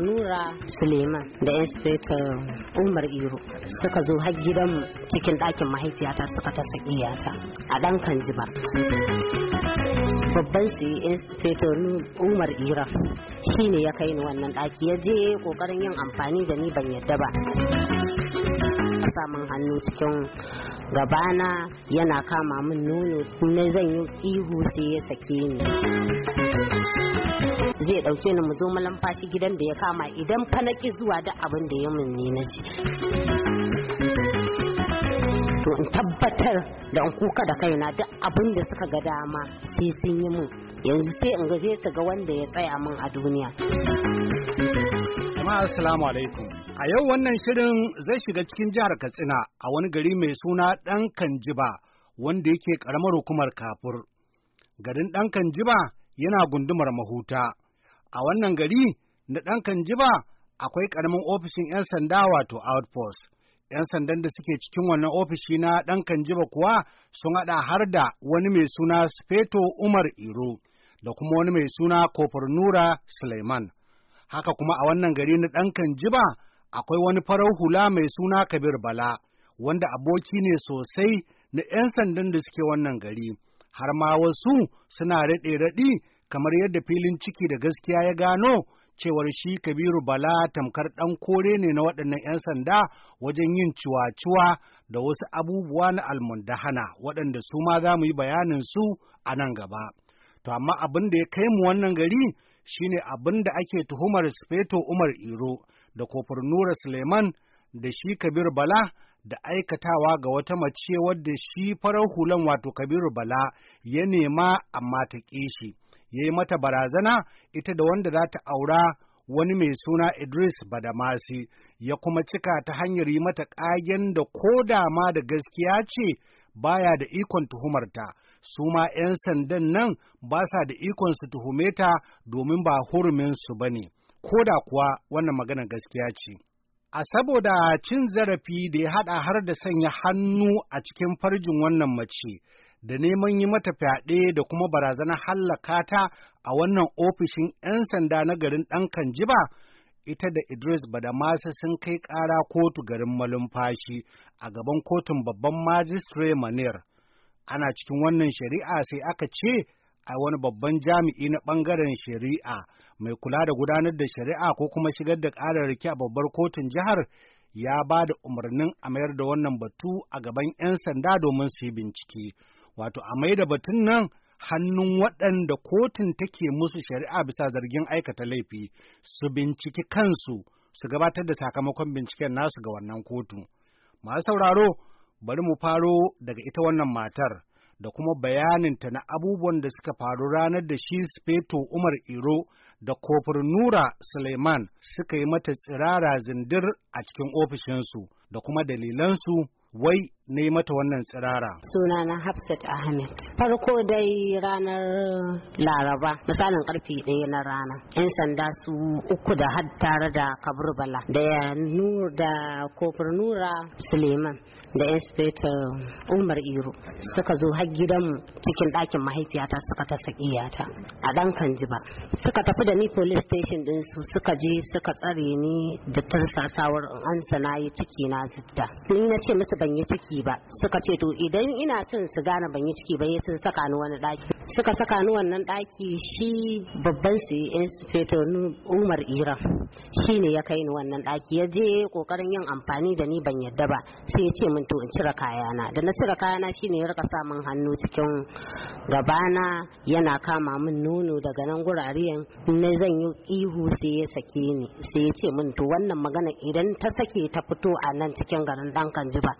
nura suleiman da inspector umar iro suka zo har gidanmu cikin ɗakin mahaifiyata suka ta sakiyata a ɗan kanjiba babban su inspector umar ira shine ya kai ni wannan ɗaki ya je ƙoƙarin yin amfani da ni ban yadda ba sa min hannu cikin gabana yana kama min nono kuma zan yi ihu sai ya sake ni zai dauke ni mu zo malamfashi gidan da ya kama idan fa zuwa da abin da ya mun ne na ci to in tabbatar da in kuka da kaina duk abin da suka ga dama sai sun yi min yanzu sai in gaje su ga wanda ya tsaya min a duniya jama'a assalamu alaikum a yau wannan shirin zai shiga cikin jihar katsina a wani gari mai suna dan kanjiba wanda yake karamar hukumar kafur garin dan kanjiba yana gundumar mahuta a wannan gari na dan kanjiba akwai karamin ofishin 'yan sanda wato outpost 'yan sandan da suke cikin wannan ofishi na ɗan Kanjiba kuwa sun haɗa har da wani mai suna Sufeto Umar Iro da kuma wani mai suna Kofar Nura Suleiman. Haka kuma a wannan gari na ɗan Kanjiba akwai wani farar hula mai suna Kabir Bala, wanda aboki ne sosai na 'yan sandan da suke wannan gari. Har ma wasu suna raɗe-raɗi kamar yadda filin ciki da gaskiya ya gano cewar shi Kabiru Bala tamkar ɗan kore ne na waɗannan 'yan sanda wajen yin ciwa-ciwa da wasu abubuwa na almundahana waɗanda su ma za mu yi bayanin su a nan gaba. To amma abin da ya kai mu wannan gari shine abin da ake tuhumar Sufeto Umar Iro da Kofar Nura Suleiman da shi Kabiru Bala da aikatawa ga wata mace wadda shi farar hulan wato Kabiru Bala ya nema amma ta ƙi shi. ya yi mata barazana ita da wanda za ta aura wani mai suna Idris Badamasi ya kuma cika ta hanyar yi mata ƙagen da ko da ma da gaskiya ce baya da ikon tuhumarta. su ma 'yan sandan nan ba sa da ikon su tuhume ta domin ba huruminsu ba ne, ko da kuwa wannan magana gaskiya ce. A saboda cin zarafi da ya haɗa har da sanya hannu a cikin farjin wannan mace, da neman yi mata fyaɗe da kuma barazanar hallaka ta a wannan ofishin 'yan sanda na garin ɗan Kanjiba, ita da Idris Badamasa sun kai ƙara kotu garin malumfashi a gaban kotun babban majistare Manir. Ana cikin wannan shari'a sai aka ce a wani babban jami'i na ɓangaren shari'a mai kula da gudanar da shari'a ko kuma shigar da ƙararraki a babbar kotun jihar ya ba da umarnin a mayar da wannan batu a gaban 'yan sanda domin su yi bincike. wato a mai da batun nan hannun waɗanda kotun take musu shari'a bisa zargin aikata laifi su binciki kansu su gabatar da sakamakon binciken nasu ga wannan kotu. Masu sauraro bari mu faro daga ita wannan matar da kuma bayaninta na abubuwan da suka faru ranar da shi Speto Umar Iro da kofar Nura Suleiman suka yi mata tsirara zindir a cikin ofishinsu da kuma dalilansu wai Ne mata wannan tsirara? Sunana Hafsat Ahmed. Farko dai ranar Laraba, misalin karfe ɗaya na rana. 'Yan sanda su uku da had tare da Bala, da Nur da Kofar Nura Suleiman da Inspector Umar Iro suka zo har gidanmu cikin ɗakin mahaifiyata suka ta sakiyata a ɗan Kanjiba. Suka tafi da ni police station su, suka je suka tsare ni da tarsasawar an sana yi ciki na zidda. Ni na ce musu ban yi ciki ba suka ce to idan ina son su gane ban yi ciki ba sun saka ni wani ɗaki suka saka ni wannan ɗaki shi babban su inspector umar Iran shi ne ya kai ni wannan daki ya je kokarin yin amfani da ni ban yadda ba sai ya ce min to in cire kayana da na cire kayana shi ne ya rika sa hannu cikin gabana yana kama min nono daga nan gurariyan na zan yi ihu sai ya sake ni sai ya ce min to wannan magana idan ta sake ta fito a nan cikin garin dan jiba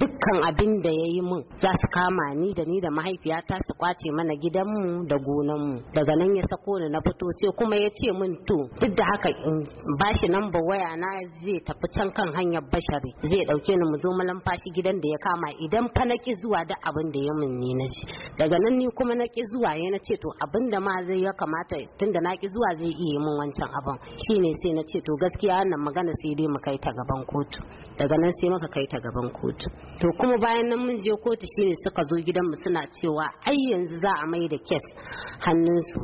dukkan abin da ya yi min za su kama ni da ni da mahaifiyata su kwace mana gida gidanmu da gonanmu daga nan ya sako ni na fito sai kuma ya ce min to duk da haka in bashi namba waya na zai tafi can kan hanyar bashari zai dauke ni mu zo mu lamfashi gidan da ya kama idan fa na ki zuwa da abin da ya min ni na ci daga nan ni kuma na ki zuwa ya na ce to abin da ma zai ya kamata tunda na ki zuwa zai iya yi min wancan abin shine sai na ce to gaskiya wannan magana sai dai mu kai ta gaban kotu daga nan sai muka kai ta gaban kotu to kuma bayan nan mun je kotu shine suka zo gidan mu suna cewa ai yanzu za a mai da kes hannunsu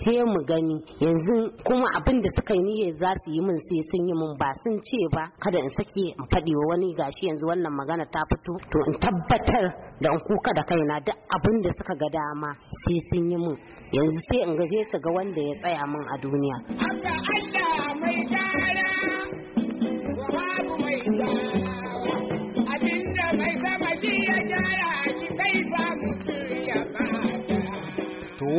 sai mu gani yanzu kuma abin da suka yi niyyar za su yi min sai sun yi min ba sun ce ba kada in sake in faɗi wa wani gashi yanzu wannan magana ta fito to in tabbatar da in kuka da kaina duk abin da suka ga dama sai sun yi min yanzu sai in ga su ga wanda ya tsaya min a duniya. Allah Allah mai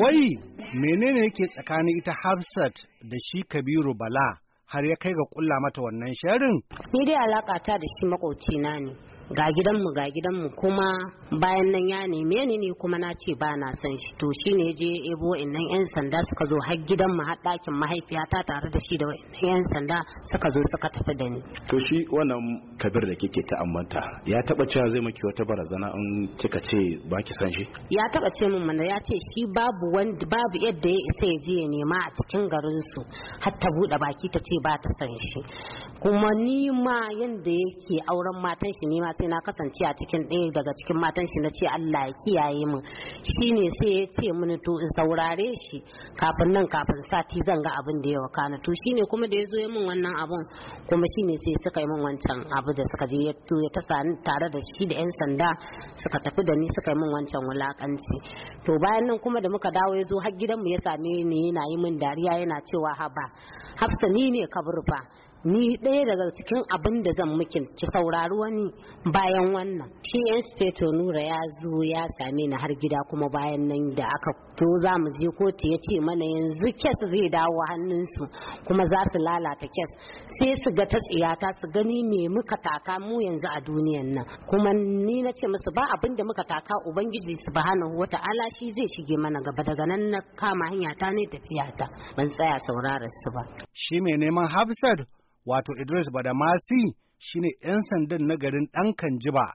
wai menene yake tsakanin ita Hafsat da shi Kabiru Bala har ya kai ga kulla mata wannan sharin? Ni dai alaka ta da shi makocina ne. ga gidanmu ga gidanmu kuma bayan nan ya neme ni ne kuma na ce ba na san shi to ne je ebo innan yan sanda suka zo har gidanmu har ɗakin mahaifiyata tare da shi da wa'annan yan sanda suka zo suka tafi da ni to shi wannan kabir da kike ta'ammanta ya taba cewa zai maki wata barazana in kika ce ba ki san shi ya taba ce min mana ya ce shi babu wanda babu yadda ya isa ya je ya nema a cikin garin su har ta bude baki ta ce ba ta san shi kuma ni ma yanda yake auren matan shi ne ma sai na kasance a cikin ɗaya daga cikin matan shi na ce Allah ya kiyaye mu ne sai ya ce mini to in saurare shi kafin nan kafin sati zan ga abin da ya wakana to ne kuma da ya zo ya min wannan abin kuma shi ne sai suka yi min wancan abu da suka je ya tasa tare da shi da 'yan sanda suka tafi da ni suka yi min wancan wulakanci to bayan nan kuma da muka dawo ya zo har gidanmu ya same ni yana yi min dariya yana cewa haba hafsa ni ne ka burfa ni ɗaya daga cikin abin da zan miki ki saurari wani bayan wannan shi inspector nura ya zo ya same ni har gida kuma bayan nan da aka zo za mu je kotu ya ce mana yanzu kes zai dawo hannunsu kuma za su lalata kes sai su ga ta tsiyata su gani me muka taka mu yanzu a duniyan nan kuma ni na ce musu ba abin da muka taka ubangiji su wata ala shi zai shige mana gaba daga nan na kama hanya ta ne tafiya ta ban tsaya saurara su ba shi mai neman hafsat wato Idris Badamasi shine 'yan sandan na garin ɗan Kanjiba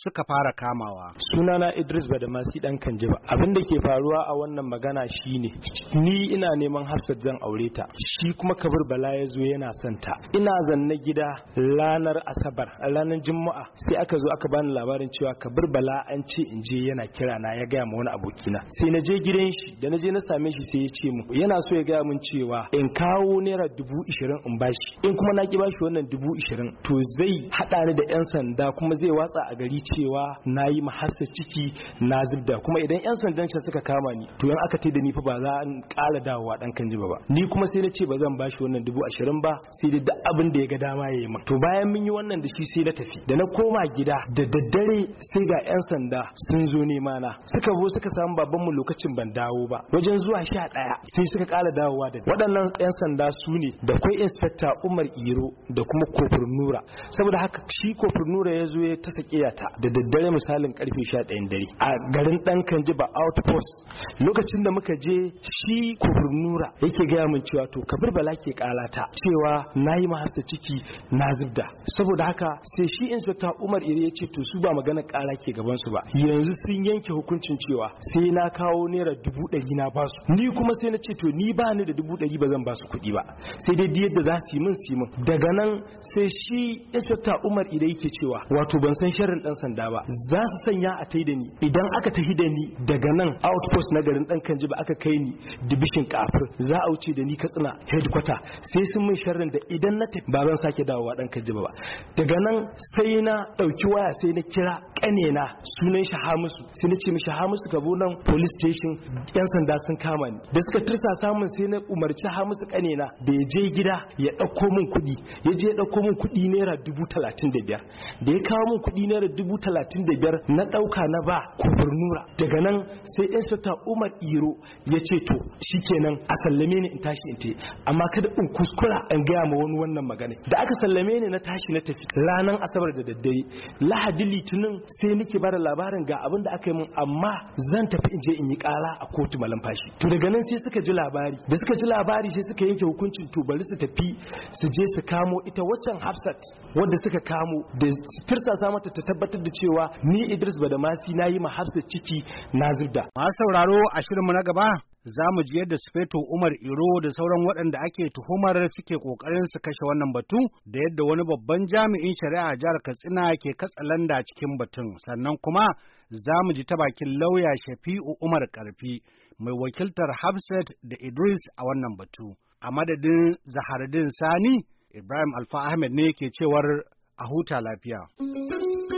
suka fara kamawa. Sunana Idris Badamasi dan Kanjiba. Abin da ke faruwa a wannan magana shine ni ina neman Hafsat zan aure ta. Shi kuma Kabir Bala ya zo yana son ta. Ina zanne gida ranar Asabar, ranar Juma'a sai aka zo aka bani labarin cewa Kabir Bala an ce in je yana kira na ya gaya ma wani abokina. Sai na je gidan shi da na je na same shi sai ya ce mu yana so ya gaya mun cewa in kawo naira dubu ishirin in bashi in kuma na ki bashi wannan dubu ishirin to zai haɗa ni da 'yan sanda kuma zai watsa a gari cewa na yi mahassa ciki na zubda kuma idan yan sandan can suka kama ni to yan aka da ni fa ba za a kala dawowa dan kan jiba ba ni kuma sai na ce ba zan bashi wannan dubu ashirin ba sai da duk abin da ya ga dama ya yi ma to bayan mun yi wannan da shi sai na tafi da na koma gida da daddare sai ga yan sanda sun zo nema na suka zo suka samu mu lokacin ban dawo ba wajen zuwa sha ɗaya sai suka kala dawowa da waɗannan yan sanda su ne da kwai inspector Umar Iro da kuma Kofur Nura saboda haka shi Kofur Nura ya zo ya ta sakiya ta da daddare misalin karfe 11 dare a garin dan kanji ba outpost lokacin da muka je shi kufurnura yake gaya min cewa to kabir bala ke kalata cewa nayi yi mahasta ciki na zubda saboda haka sai shi inspector umar ire yace to su ba magana kara ke gaban su ba yanzu sun yanke hukuncin cewa sai na kawo naira dubu ɗari na basu ni kuma sai na ce to ni ba ni da dubu ɗari ba zan basu kuɗi ba sai dai yadda za su yi min su min daga nan sai shi inspector umar ire yake cewa wato ban san sharrin dan sanda ba za su sanya a tai da ni idan aka tafi da ni daga nan outpost na garin dan kanji ba aka kai ni dibishin kafir za a wuce da ni katsina headquarter sai sun min sharrin da idan na tafi ba zan sake dawowa dan kanji ba daga nan sai na dauki waya sai na kira kanena sunan shi Hamisu sai na ce mishi Hamisu ka zo nan police station yan sanda sun kama ni da suka tursa samun sai na umarci Hamisu kanena da ya je gida ya dauko min kuɗi ya je ya dauko min kuɗi naira dubu da biyar da ya kawo min kuɗi naira dubu dubu talatin da biyar na ɗauka na ba nura daga nan sai sata umar iro ya ce to shi kenan a sallame ni in tashi in te amma kada in kuskura in gaya ma wani wannan magana da aka sallame ni na tashi na tafi ranar asabar da daddare lahadi litinin sai nake bada labarin ga abin da aka yi min amma zan tafi in je in yi kara a kotu malamfashi to daga nan sai suka ji labari da suka ji labari sai suka yanke hukuncin to bari su tafi su je su kamo ita waccan hafsat wadda suka kamo da tirsasa mata ta tabbatar tabbatar da cewa ni Idris Badamasi na yi mahafsa ciki na zubda. Masu sauraro a shirinmu na gaba za mu ji yadda Sufeto Umar Iro da sauran waɗanda ake tuhumar suke ƙoƙarin su kashe wannan batu da yadda wani babban jami'in shari'a jihar Katsina ke katsalanda cikin batun. Sannan kuma za mu ji ta bakin lauya Shafi'u Umar Karfi mai wakiltar Hafsat da Idris a wannan batu. A madadin Zahardin Sani, Ibrahim Alfa Ahmed ne ke cewar a huta lafiya.